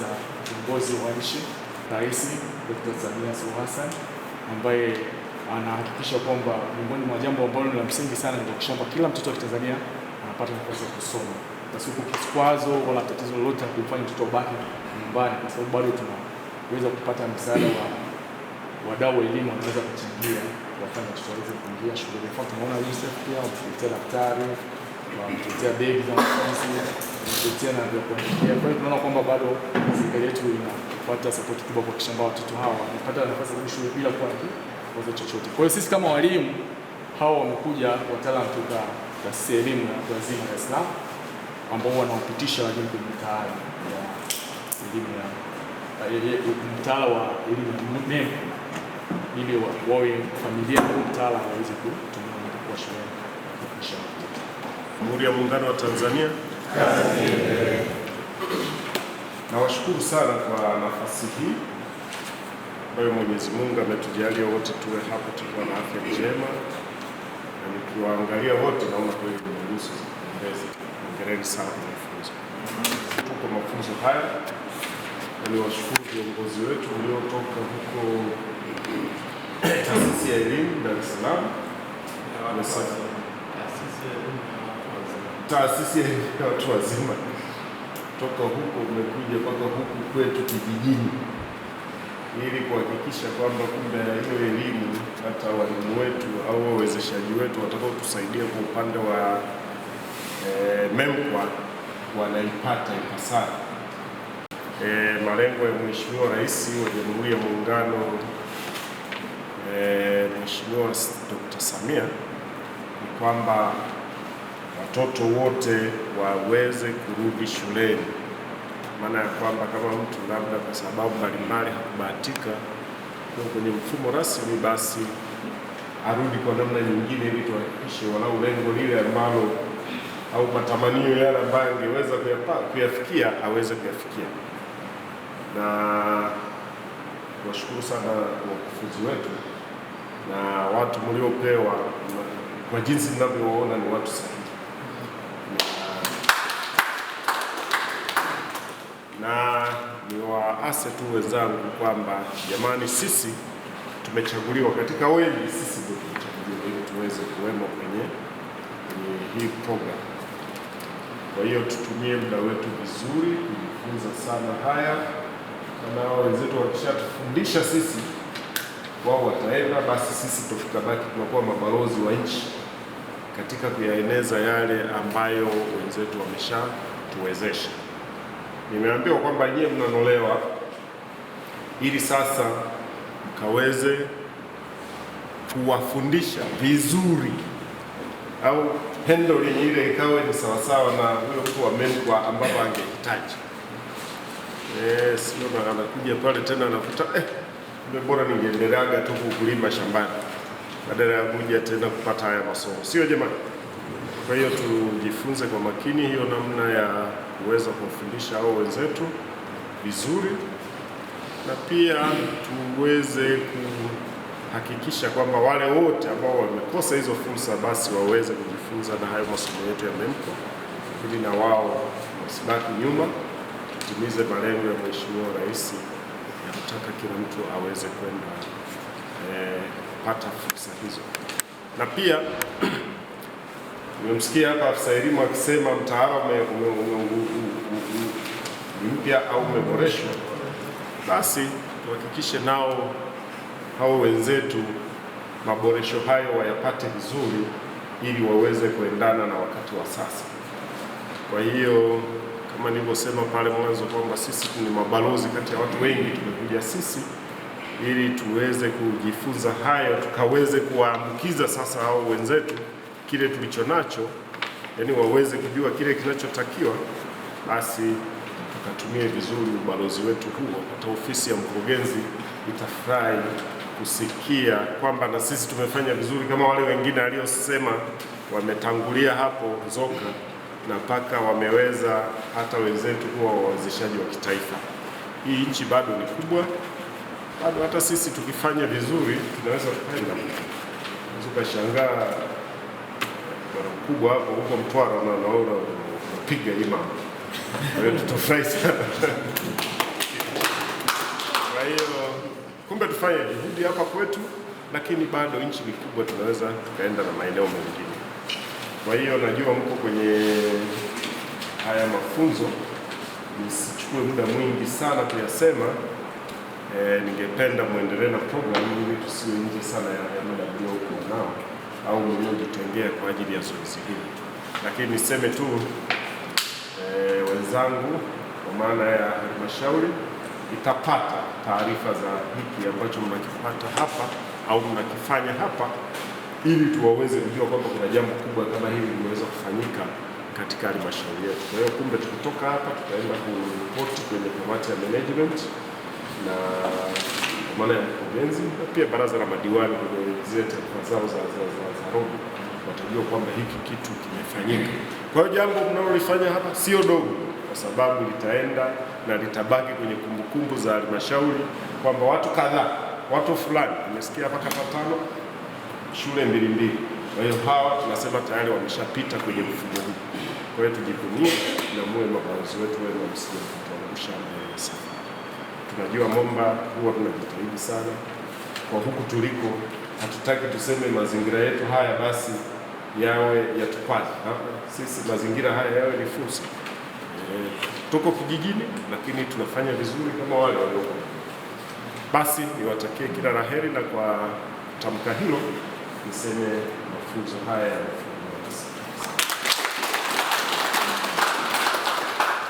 za uongozi wa nchi, Rais Dr. Samia Suluhu Hassan ambaye anahakikisha kwamba miongoni mwa jambo ambalo ni la msingi sana ni kuhakikisha kwamba kila mtoto wa Kitanzania anapata nafasi ya kusoma pasipo kikwazo wala tatizo lolote la kumfanya mtoto abaki nyumbani, kwa sababu bado tunaweza kupata msaada wa wadau wa elimu wanaweza kuchangia kuwafanya watoto waweze kuingia shule. Kwa mfano Tunaona UNICEF pia wametuletea daktari, wametuletea begi za wanafunzi kupitia na vya kwa tunaona kwamba bado serikali yetu inapata sapoti kubwa kwa kwamba watoto hawa wanapata nafasi ya shule bila kuwa kikwazo chochote. Kwa hiyo sisi kama walimu hawa wamekuja wataalam kutoka taasisi ya elimu ya watu wazima Dar es Salaam ambao wanawapitisha walimu kwenye mtaala ya elimu ya mtaala wa elimu NEMU ili wawe familia au mtaala waweze kutumia kwa shule. Jamhuri ya Muungano wa Tanzania Nawashukuru sana kwa nafasi hii ambayo Mwenyezi Mungu ametujalia wote tuwe hapa tukiwa na afya njema, na nikiwaangalia wote naona kweli ni nyuso za kupendeza. Hongereni sana kwa mafunzo, tuko mafunzo haya, na niwashukuru viongozi wetu waliotoka huko taasisi ya elimu Dar es Salaam taasisi ya watu wazima toka huko umekuja mpaka huku kwetu kijijini, ili kuhakikisha kwamba kumbe hiyo elimu hata walimu wetu au wawezeshaji wetu watakaotusaidia kwa upande wa e, MEMKWA wanaipata ipasavyo. E, malengo ya Mheshimiwa Rais wa Jamhuri ya Muungano e, Mheshimiwa Dr. Samia ni kwamba watoto wote waweze kurudi shuleni, maana ya kwamba kama mtu labda kwa sababu mbalimbali hakubahatika kuwa kwenye mfumo rasmi, basi arudi kwa namna nyingine, ili tuhakikishe walau lengo lile ambalo au matamanio yale ambayo angeweza kuyafikia aweze kuyafikia. Na washukuru sana wakufunzi wetu na watu mliopewa, kwa jinsi ninavyowaona ni watu sahihi na ni waase tu wenzangu kwamba jamani, sisi tumechaguliwa katika wengi, sisi ndio tumechaguliwa ili tuweze kuwemo kwenye, kwenye hii program. Kwa hiyo tutumie muda wetu vizuri kujifunza sana haya, na nao wenzetu wakishatufundisha sisi, wao wataenda, basi sisi tutabaki tunakuwa mabalozi wa nchi katika kuyaeneza yale ambayo wenzetu wameshatuwezesha nimeambiwa kwamba nyie mnanolewa ili sasa mkaweze kuwafundisha vizuri au handling ile ikawe ni sawasawa na huyo mtu wa mentor ambapo angehitaji. Eh, anakuja pale tena anakuta eh, bora ningeendeleaga tu kulima shambani badala ya kuja tena kupata haya masomo, sio jamani? Kwa hiyo tujifunze kwa makini hiyo namna ya kuweza kuwafundisha hao wenzetu vizuri na pia tuweze kuhakikisha kwamba wale wote ambao wamekosa hizo fursa basi waweze kujifunza na hayo masomo yetu ya MEMKWA ili na wao wasibaki nyuma, tutimize malengo ya Mheshimiwa Rais ya kutaka kila mtu aweze kwenda eh, fursa hizo na pia Umemsikia hapa afisa elimu akisema mtaala mpya au umeboreshwa, basi tuhakikishe nao hao wenzetu maboresho hayo wayapate vizuri, ili waweze kuendana na wakati wa sasa. Kwa hiyo kama nilivyosema pale mwanzo kwamba sisi ni mabalozi kati ya watu wengi, tumekuja sisi ili tuweze kujifunza hayo, tukaweze kuwaambukiza sasa hao wenzetu kile tulicho nacho, yani waweze kujua kile kinachotakiwa, basi tukatumie vizuri ubalozi wetu huo. Hata ofisi ya mkurugenzi itafurahi kusikia kwamba na sisi tumefanya vizuri kama wale wengine aliosema wametangulia hapo zoka na mpaka wameweza hata wenzetu kuwa wawezeshaji wa kitaifa. Hii nchi bado ni kubwa, bado hata sisi tukifanya vizuri tunaweza tukaenda, tukashangaa bwana mkubwa hapo huko Mtwara, naona unapiga ima, kwa hiyo tutafurahi sana. Kwa hiyo kumbe tufanye juhudi hapa kwetu, lakini bado nchi ni kubwa, tunaweza tukaenda na maeneo mengine. Kwa hiyo najua mko kwenye haya mafunzo, nisichukue muda mwingi sana kuyasema. E, ningependa mwendelee na programu ili tusiwe nje sana ya muda mliokuwa nao au mwenyewe kwa ajili ya zoezi hili, lakini niseme tu e, wenzangu, kwa maana ya halmashauri itapata taarifa za hiki ambacho mnakipata hapa au mnakifanya hapa, ili tuwaweze kujua kwamba kuna jambo kubwa kama hili limeweza kufanyika katika halmashauri yetu. Kwa hiyo kumbe, tukitoka hapa tutaenda kuripoti kwenye kamati ya management na kwa maana ya mkurugenzi na pia baraza la madiwani kwenye taarifa zao za, za, za, za robo watajua kwamba hiki kitu kimefanyika. Kwa hiyo jambo mnalolifanya hapa sio dogo, kwa sababu litaenda na litabaki kwenye kumbukumbu za halmashauri kwamba watu kadhaa, watu fulani, nimesikia hapa kata tano, shule mbili mbili. Kwa hiyo hawa tunasema tayari wameshapita kwenye mfumo huu. Kwa hiyo tujivunie na muwe mabalozi wetu wema, msiakutuangusha mbele sana. Tunajua Momba huwa tunajitahidi sana kwa huku tuliko, hatutaki tuseme mazingira yetu haya basi yawe yatupate Sisi mazingira haya yawe ni fursa. E, tuko kijijini lakini tunafanya vizuri kama wale walioko. Basi niwatakie kila la heri, na kwa tamka hilo niseme mafunzo haya